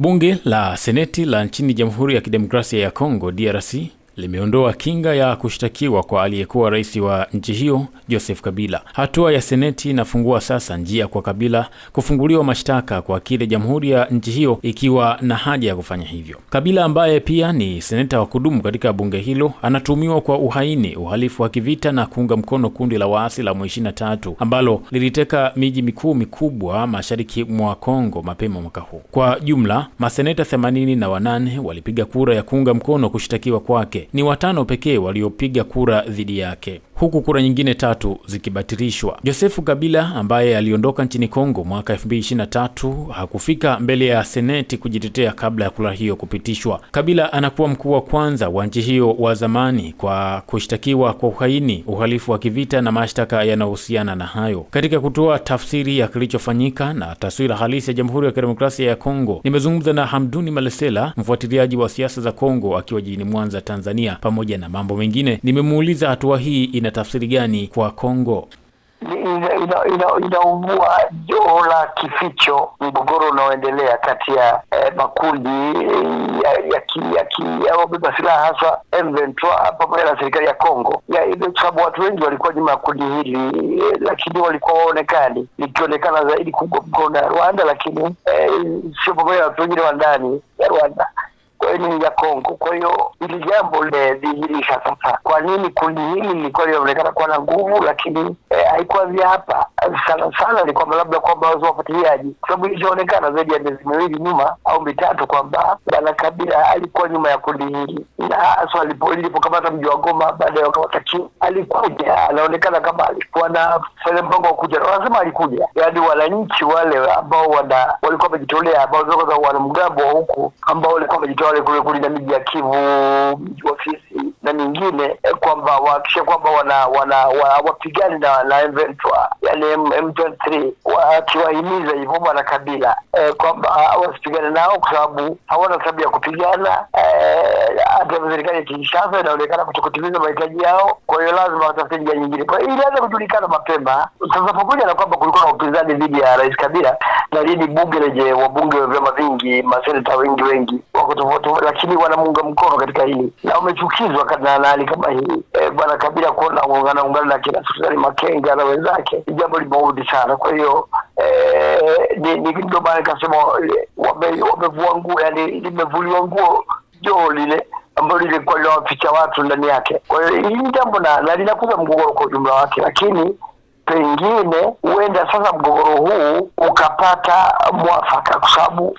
Bunge la Seneti la nchini Jamhuri ya Kidemokrasia ya Kongo DRC limeondoa kinga ya kushtakiwa kwa aliyekuwa rais wa nchi hiyo Joseph Kabila. Hatua ya Seneti inafungua sasa njia kwa Kabila kufunguliwa mashtaka kwa kile jamhuri ya nchi hiyo ikiwa na haja ya kufanya hivyo. Kabila ambaye pia ni seneta wa kudumu katika bunge hilo anatuhumiwa kwa uhaini, uhalifu wa kivita na kuunga mkono kundi la waasi la M23 ambalo liliteka miji mikuu mikubwa mashariki mwa Kongo mapema mwaka huu. Kwa jumla maseneta themanini na wanane walipiga kura ya kuunga mkono kushtakiwa kwake ni watano pekee waliopiga kura dhidi yake huku kura nyingine tatu zikibatilishwa. Josefu Kabila ambaye aliondoka nchini Kongo mwaka 2023 hakufika mbele ya seneti kujitetea kabla ya kura hiyo kupitishwa. Kabila anakuwa mkuu wa kwanza wa nchi hiyo wa zamani kwa kushtakiwa kwa uhaini, uhalifu wa kivita na mashtaka yanayohusiana na hayo. Katika kutoa tafsiri ya kilichofanyika na taswira halisi ya Jamhuri ya Kidemokrasia ya Kongo, nimezungumza na Hamduni Malesela, mfuatiliaji wa siasa za Kongo akiwa jijini Mwanza, Tanzania. Pamoja na mambo mengine, nimemuuliza hatua hii ina ina tafsiri gani kwa Kongo? Inaungua ina, ina joo la kificho mgogoro unaoendelea kati ya eh, makundi eh, yaobeba silaha hasa M23 pamoja na serikali ya Kongo, kwa sababu watu wengi walikuwa nyuma ya kundi hili eh, lakini walikuwa waonekani, likionekana zaidi kuunga mkono na Rwanda, lakini eh, sio pamoja na watu wengine wa ndani ya Rwanda elimu ya Kongo. Kwa hiyo hili jambo limedhihirisha sasa kwa nini kundi hili lilikuwa linaonekana kuwa na nguvu, lakini eh, vya hapa sana sana ni kwamba labda kwamba wafuatiliaji, kwa sababu ilishaonekana zaidi ya miezi miwili nyuma au mitatu kwamba bwana Kabila alikuwa nyuma ya kundi hili, na haswa lilipokamata mji wa Goma baada ya kukamata chini, alikuja anaonekana kama alikuwa anafanya mpango wa kuja, wanasema alikuja, yaani wananchi wale ambao wana walikuwa wamejitolea, ambao wanamgambo wa huku ambao walikuwa wamejitolea kule kulinda miji ya Kivu, mji wa Fizi na mingine, eh, kwamba wahakikisha kwamba wana wana wapigani na na M23 yani M23 wakiwahimiza hivyo Bwana Kabila e, kwamba ah, wasipigane nao kwa sababu hawana sababu ya kupigana. Eh, hata e, serikali ya Kinshasa inaonekana kutokutimiza mahitaji yao, kwa hiyo lazima watafute njia nyingine. Kwa hiyo ilianza kujulikana mapema sasa, pamoja na kwamba kulikuwa na upinzani dhidi ya Rais Kabila na lini bunge lenye wabunge wa vyama vingi wengi, maseneta wengi wengi wako tofauti, lakini wanamuunga mkono katika hili na wamechukizwa na hali kama hii. E, bwana Kabila kuona anaungana na kina Sultani Makenga na wenzake ni jambo limaudi sana. Kwa hiyo e, ndio maana nikasema e, wamevua nguo, yani limevuliwa nguo joo lile ambalo lilikuwa linawaficha watu ndani yake. Kwa hiyo hili ni jambo na, na linakuza mgogoro kwa ujumla wake, lakini pengine huenda sasa mgogoro huu ukapata mwafaka, kwa sababu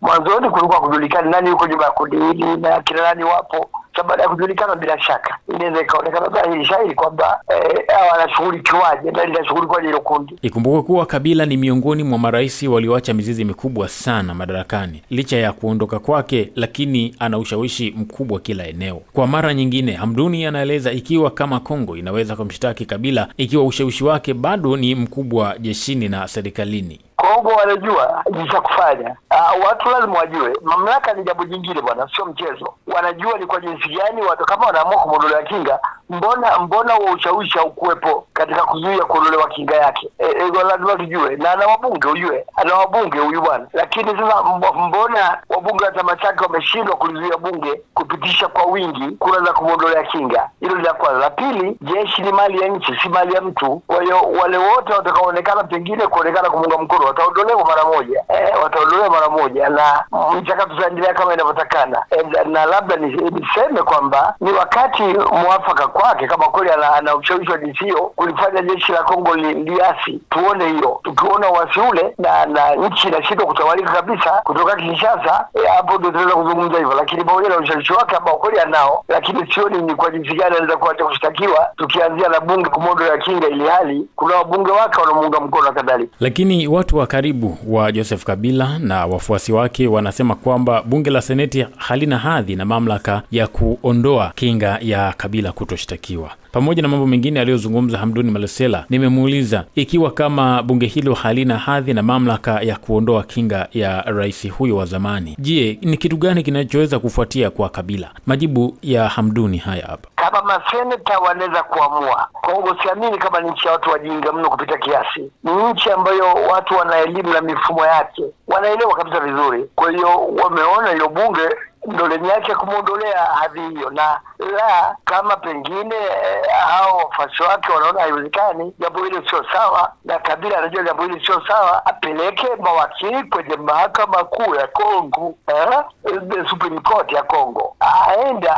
mwanzoni kulikuwa kujulikana nani yuko nyuma ya kundi hili na kina nani wapo sabada baada ya kujulikana, bila shaka inaweza ikaonekana dhahiri shahiri kwamba eh, wanashughulikiwaje na linashughulikiwaje hilo kundi. Ikumbuke kuwa Kabila ni miongoni mwa marais walioacha mizizi mikubwa sana madarakani. Licha ya kuondoka kwake, lakini ana ushawishi mkubwa kila eneo. Kwa mara nyingine, Hamduni anaeleza ikiwa kama Kongo inaweza kumshtaki Kabila ikiwa ushawishi wake bado ni mkubwa jeshini na serikalini. Robo wanajua jinsi kufanya. Uh, watu lazima wajue, mamlaka ni jambo jingine bwana, sio mchezo. Wanajua ni kwa jinsi gani watu, kama wanaamua kumwondolea kinga mbona mbona wa ushawishi haukuwepo katika kuzuia kuondolewa kinga yake? E, e, lazima tujue, na ana wabunge ujue, ana wabunge huyu bwana. Lakini sasa mbona wabunge wa chama chake wameshindwa kulizuia bunge kupitisha kwa wingi kura za kumwondolea kinga? Hilo ni la kwanza. La pili, jeshi ni mali ya nchi, si mali ya mtu. Kwa hiyo wale wote watakaoonekana pengine kuonekana kumunga mkono wataondolewa mara moja, eh, wataondolewa mara moja, na mchakato utaendelea kama inavyotakana. E, na labda niseme kwamba ni wakati mwafaka kwake kama kweli ana ushawishi wa jinsi hiyo kulifanya jeshi la Kongo liasi. Tuone hiyo, tukiona uasi ule na na nchi inashindwa kutawalika kabisa kutoka Kinshasa, eh, hapo ndio tunaweza kuzungumza hivyo, lakini pamoja na ushawishi wake ambao kweli anao, lakini sioni ni kwa jinsi gani anaweza kuacha kushtakiwa, tukianzia na bunge kumodo ya kinga, ili hali kuna wabunge wake wanamuunga mkono na kadhalika. Lakini watu wa karibu wa Joseph Kabila na wafuasi wake wanasema kwamba bunge la seneti halina hadhi na mamlaka ya kuondoa kinga ya Kabila kutoshtakiwa kushtakiwa. Pamoja na mambo mengine aliyozungumza Hamduni Malesela, nimemuuliza ikiwa kama bunge hilo halina hadhi na mamlaka ya kuondoa kinga ya rais huyo wa zamani, je, ni kitu gani kinachoweza kufuatia kwa Kabila? Majibu ya Hamduni haya hapa. Kama maseneta wanaweza kuamua, Kongo siamini kama ni nchi ya watu wajinga mno kupita kiasi. Ni nchi ambayo watu wana elimu na mifumo yake, wanaelewa kabisa vizuri. Kwa hiyo wameona hiyo bunge ndoleni yake kumwondolea hadhi hiyo, na la kama pengine eh, wafasi wake wanaona haiwezekani, jambo hili sio sawa, na Kabila anajua jambo hili sio sawa, apeleke mawakili kwenye mahakama kuu ya Kongo eh, eh Supreme Court ya Kongo, aenda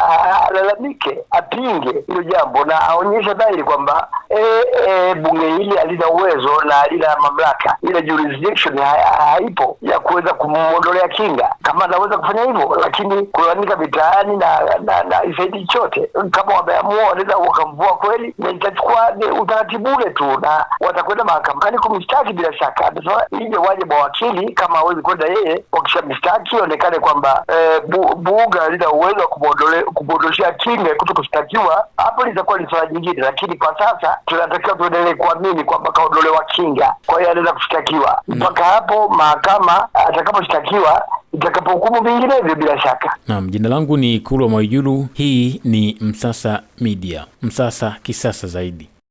alalamike, apinge hilo jambo na aonyeshe dhahiri kwamba eh, eh, bunge hili halina uwezo na halina mamlaka, ile jurisdiction haipo ya kuweza kumwondolea kinga. Kama anaweza kufanya hivyo, lakini kujaribu kulalamika mitaani na na, na isaidi chote. Kama wameamua wanaweza wakamvua kweli, na itachukua utaratibu ule tu, na watakwenda mahakamani kumshtaki bila shaka. Amesema ije waje mawakili, kama hawezi kwenda yeye, wakishamshtaki onekane kwamba e, bu, buga lina uwezo wa kumwondoshea kinga kuto kushtakiwa, hapo litakuwa ni swala jingine, lakini kwa sasa tunatakiwa tuendelee kuamini kwamba kaondolewa kinga, kwa hiyo anaweza kushtakiwa mm. mpaka hapo mahakama atakaposhtakiwa itakapohukumu vinginevyo bila shaka. Naam, jina langu ni Kulwa Mwaijulu. Hii ni Msasa Media, Msasa kisasa zaidi.